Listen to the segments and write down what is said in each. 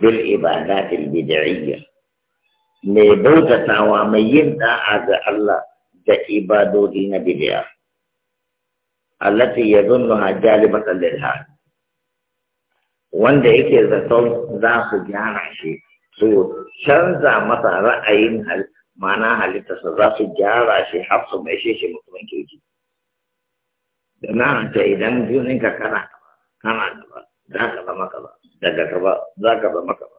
بالعبادات البدعية مي بوتا تاوى ميين دا عز الله دا عبادو دين بدعية التي يظنها جالبة للها وان دا ايكي رسول ذاك جانع شي سو شنزا مطا رأيين هل معناها لتصرف جارع شي حفظ ميشي شي مطمئن كيجي دنا انت اذا مجيون انك كانت كانت ذاك لما كانت daga ba, za ka maka ba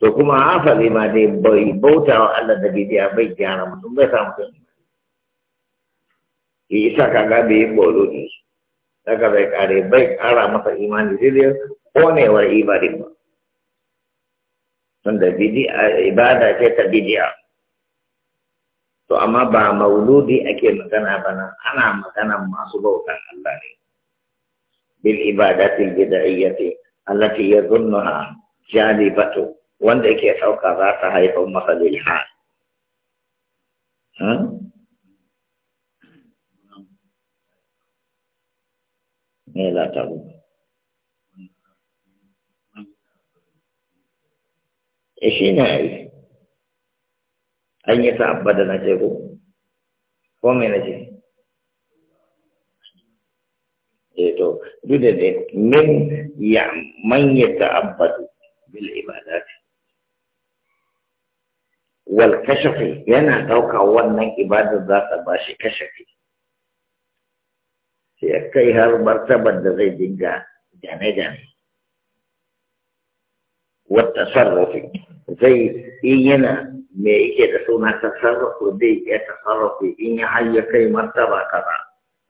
to kuma asali ma dai bai bauta wa Allah da bidiya bai gyara mutum bai samu mutum ya isa ka ga bai bolo ne daga bai kare bai kara masa imani sai dai konewar ibadin ba tunda bidiya ibada ce ta bidiya to amma ba mauludi ake magana ba nan ana magana masu bautan Allah ne بالعبادات البدعية التي يظنها جالبة wanda yake ɗauka za ta haifar masa lilha. Hmm? Me lataru? E shi ne yi, an yi da na ko? me na to duk da min ya man ta'abbadu bil ibadati wal kashafi yana dauka wannan ibadar za ta ba shi kashafi Ya kai har martabar da zai dinga gane-gane wata sarrafi zai in yana me yake da suna tasarrufu zai iya tasarrufu in ya hayya kai martaba kaza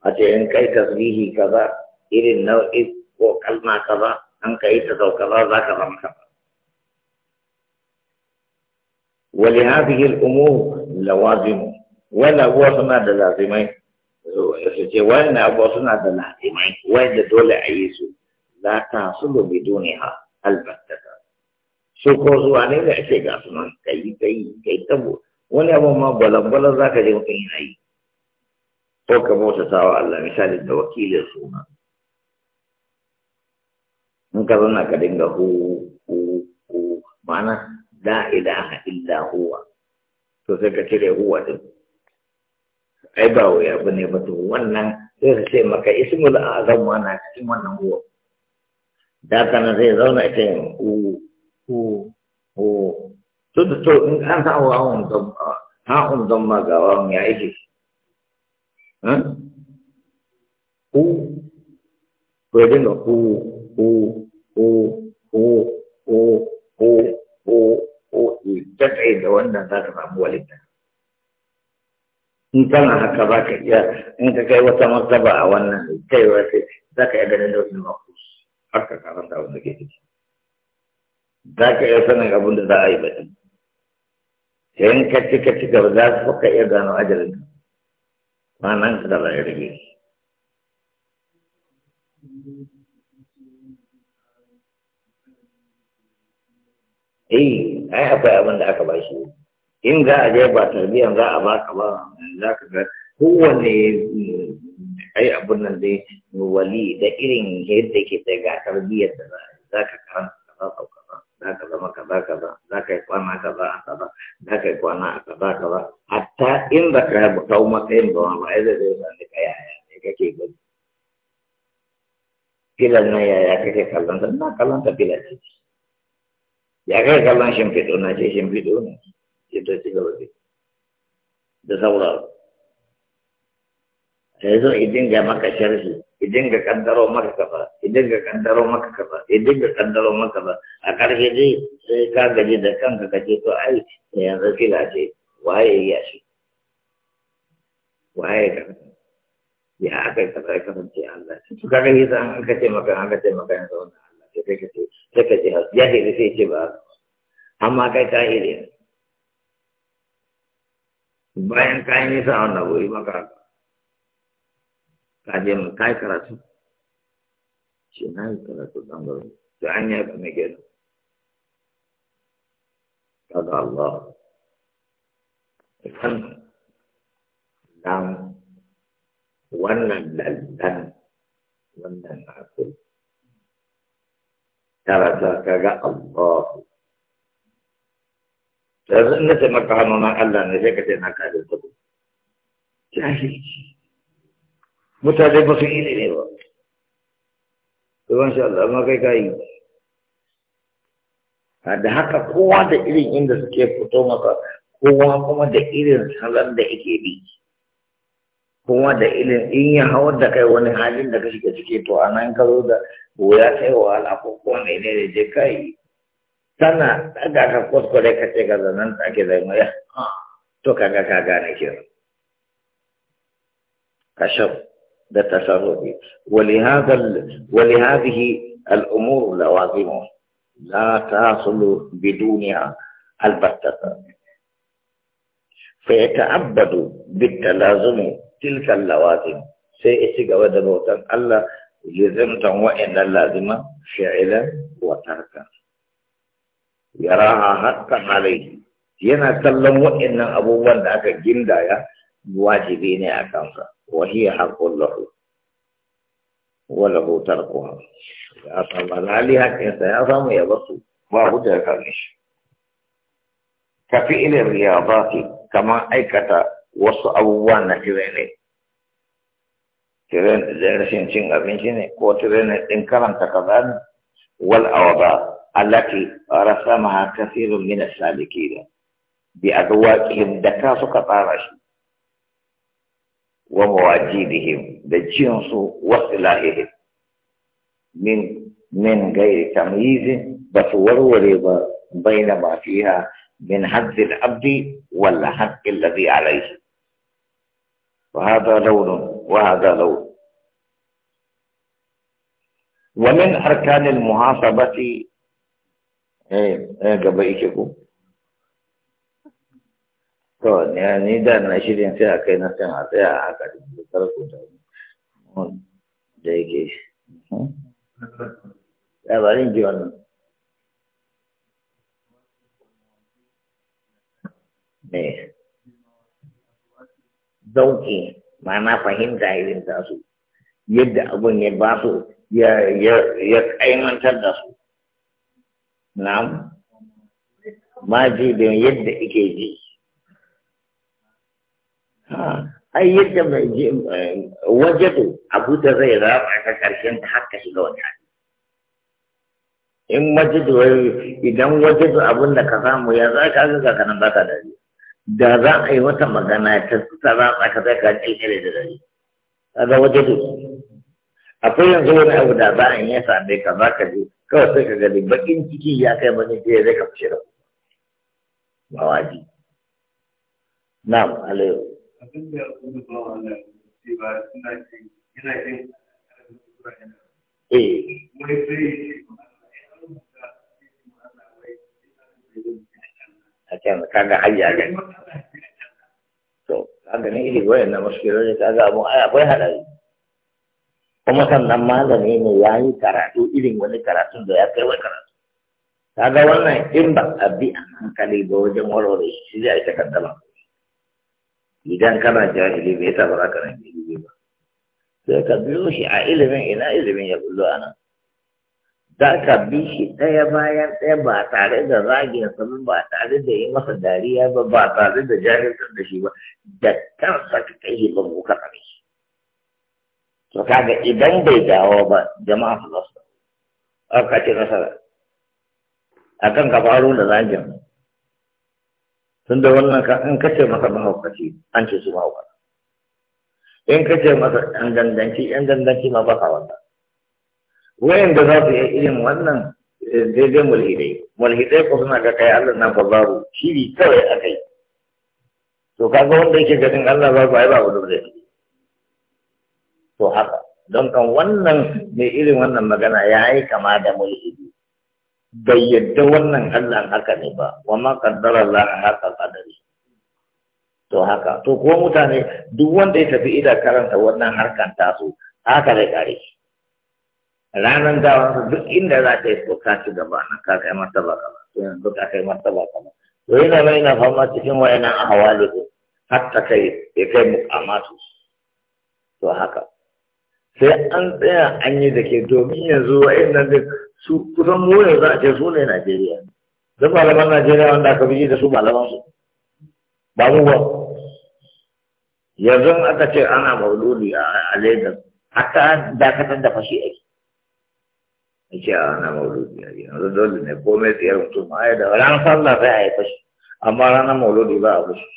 a ce in kai tasbihi kaza irin nau'i ko kalma ka an ka yi ta sauka ba za ka ramka ba. Wali hafi umu lawazin, wani abuwa suna da lazimai, su ce wani suna da lazimai, wanda dole a yi su, za ta su lobe duniya albarta Su ko zuwa ne da ake ga su nan, ka yi ka yi ka yi tabo, wani abu ma balan za ka je mutum yi na Ko ka mota tawa Allah misali da wakilin suna. in ka ka dinga hu hu hu mana la ilaha illa huwa to sai ka tire huwa din ai ba wai abu ne ba to wannan sai ka ce maka ismul azam mana cikin wannan huwa da kana sai zauna ce hu hu hu to to in an sa wa on da ha on da ma ga wa ya yake ha hm? hu ko dinga hu o o o o o o o jat'ai e, da wannan za ka samu walita in kana haka ba ka iya in ka kai wata martaba a wannan kaiwa sai za ka iya ganin da wani makus har ka karanta abin da ke ciki za ka iya sanin abin da za a yi baɗi sai in ka ci ka ci gaba za ka iya gano ajalin ka ma nan ka da rage eh ai akwai abin da aka bashi in za a je ba tarbiyyar za a ba ka ba za ka ga kowane ai abin nan dai wali da irin yadda ke ga tarbiyyar da za ka karanta ba ka ba za ka zama ka ba za ka yi kwana ba ka ba za ka yi kwana ba ka ba hatta in ba ka kawo matsayin ba ma ai zai zai zai ka yaya ne kake gani filan na yaya kake kallon ta na kallon ta filan ne ya kai kallon shimfiɗo na ce shimfiɗo ne ya ta ci gaba da sauraro sai zo idin ga maka sharhi idin ga kaddaro maka kafa idin ga kaddaro maka kafa idin ga kaddaro maka kafa a ƙarshe dai ka gaji da kanka ka ce to ai yanzu kila ce waye ya shi waye ka ya aka kaza kasance Allah to kaga yasa an ka ce maka an ka ce maka yanzu wannan ce ka ce ka ce sai ce ba amma kai ka bayan ka yi nisa wannan wuri ka je mu karatu shi na yi karatu dan garo to an wannan lallan wannan akwai karanta kaga Allah yanzu ini saya makan nona Allah ne saya ka nak ada tu. Jadi, jahilci mutane ba su ni ne ba Allah makai kai ka yi da haka kowa da irin inda suke maka kowa kuma da irin salam da ini bi kowa da irin in ya hawar da kai wani halin da ka shiga ciki to anan ka ko ya kai wahala ko ko ne ne je kai sana daga ka kuskure ka ce kaza nan take zai ah. mu ya to kaga ka ke kashaf da ta tasarrufi ولهذا ولهذه الامور ta لا تحصل بدونها البتة فيتعبد بالتلازم تلك اللوازم سيأتي قوة الله jizimtan wa'indan lazima fi'ilan wa tarkan yaraha hatta alayhi yana kallon wa'innan abubuwan da aka gindaya wajibi ne a kansa wa hiya haqqul lahu wa lahu tarkuha ya sama lali hakin sa ya samu ya basu ba hujja kan shi ka fi ilin riyadati kamar aikata wasu abubuwa na fi'ilin tiren da rashin cin abinci ne ko tiren din karanta kaza ne wal awaba allati rasamaha kathirun min as-salikin bi adwaqihim da ka suka tsara shi wa mawajibihim da cin su wasilahihim min min gairi tamyiz ba su warware ba baina ma fiha min hadd al-abdi wal haqq alladhi alayhi وهذا لون وهذا لون ومن أركان المحاسبة قبل إيشكو to ni da na shirin sai a kai na san a tsaya a haka da tarko da da yake ji wannan ne zauƙi mana fahimta irin tasu yadda abin ya ba su ya kaimantar da su na'am ma ji da yadda ike ji ai yadda mai ji wajadu abu da zai rama ta karshen ta haka shiga wani hali in wajadu idan wajadu abin da ka samu ya za ka ga kanan ba ka dariya da za a yi wata magana ta tsara a ka zai ka kirkire da dare A ga waje to akwai yanzu wani abu da za a yi ya mai ka za ka je kawai sai ka gani bakin ciki ya kai mani je zai ka fice da ba waji na'am alayo abin da wani ba wala ce ba suna ce yana yin eh wai sai a kan kaga hayya gani ganin iri wayan na mashkilar da kaga ai akwai haɗari kuma sannan malami ne ya yi karatu irin wani karatun da ya kai wani karatu ga wannan in ba a bi a hankali ba wajen warware shi zai aika kaddama idan kana jahili bai yasa ba za ka nan ba sai ka biyo shi a ilimin ina ilimin ya bullo a nan za ka bi shi ɗaya bayan ɗaya ba tare da zagin sami ba tare da yi masa dariya ba ba tare da jahiltar da shi ba da kansa ka kai shi ba ka tsare shi to kaga idan bai dawo ba jama'a su zasu aka ce nasara akan ka faro da zagin tun da wannan ka in kace masa mahaukaci an ce su mahaukaci in kace masa ɗan dandanci, ɗan dandanci ma ba ka wannan da za su yi irin wannan eh, daidai mulhidai mulhidai ko suna ga kai Allah na babu shiri kawai a kai to kaga wanda yake gadin Allah su yi babu da zai to haka don kan wannan mai irin wannan magana ya yi kama da mulhidi bai yadda wannan Allah haka ne ba wa ma kaddara Allah haka kadari to haka to ko mutane duk wanda ya tafi ida karanta wannan harkan tasu haka zai kare shi ranar gawansa duk inda za ta yi so ka ci gaba na ka yi masa ba kama to yanzu ka kai masa ba kama to yana mai na fama cikin wayanan a hawali ko har ta kai ya kai matu to haka sai an tsaya an yi da ke domin yanzu wayannan duk su kusan mu yanzu a ce su ne Najeriya duk malaman Najeriya wanda aka biji da su malaman su ba mu ba yanzu aka ce ana mauludi a Lagos hatta dakatar da fashi ake nake a ah, na mauludi a gina don dole ne ko mai tsayar mutum ma ah, ya da ranar sallah sai a yi fashi amma ranar mauludi ba a fashi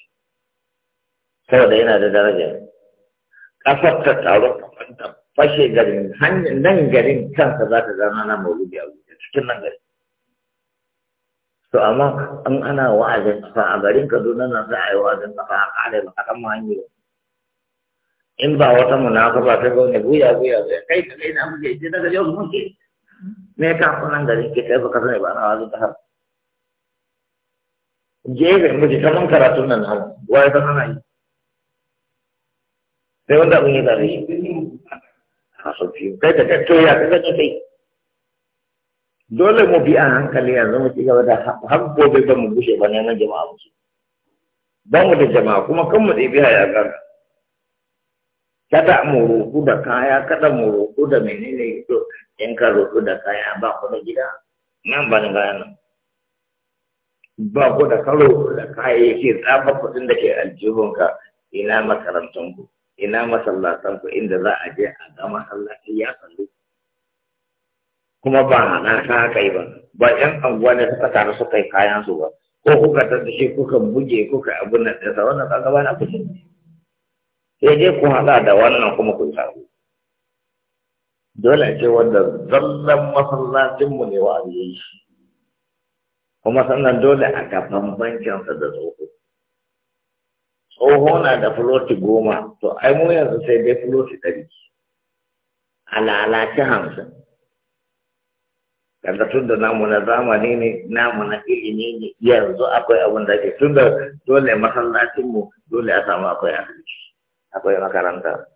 saboda yana da daraja kafar ta taro fashe garin nan garin kansa za ta zama na mauludi a wuce cikin nan garin to amma in ana wa'azin kafa a garin kaduna na za a yi wa'azin kafa a kare ba in ba wata munafa ta gaune guya guya me ka nan gari ke kai baka sani ba ana wajen har je ga miji kaman karatun nan har waye san ana yi sai wanda abin ya shi a sofi kai kai ya ka gani kai dole mu bi hankali da mu jama'a kan kaya kada mu roƙu da menene in ka roƙo da kaya ba ku da gida nan ba ni kayan nan ba ku da karo da kayayyaki tsafa kuɗin da ke ka ina ku ina masallatanku inda za a je a ga masallaci ya sallu kuma ba na ka haka yi ba ba yan anguwa ne suka taru suka yi kayan su ba ko kuka shi kuka buge kuka abin nan ɗinsa wannan kaga ba na ne sai dai ku haɗa da wannan kuma ku yi sabo dole ce wanda zallan masallacinmu ne wa yi kuma sannan dole a ga bankinsa da tsoho tsoho na da fuloti goma to ai mu yanzu sai dai floti ɗari a lalace hamsin kaga tun da namu na zamani ne namu na ilimi ne yanzu akwai abin da ke tun da dole masallacinmu dole a samu akwai asibiti akwai makaranta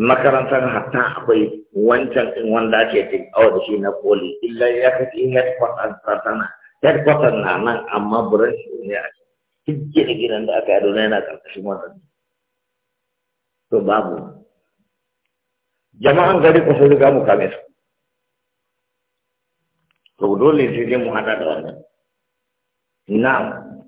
makarantar hatta akwai wancan ɗin wanda ake cin awa da shi na koli illa ya kaci headquarter tana headquarter na nan amma shi ne a cikin da gidan da aka yi adonai yana ƙarƙashin wannan to babu jama'an gari ku sun riga mu kame su to dole sai dai mu hada da wannan na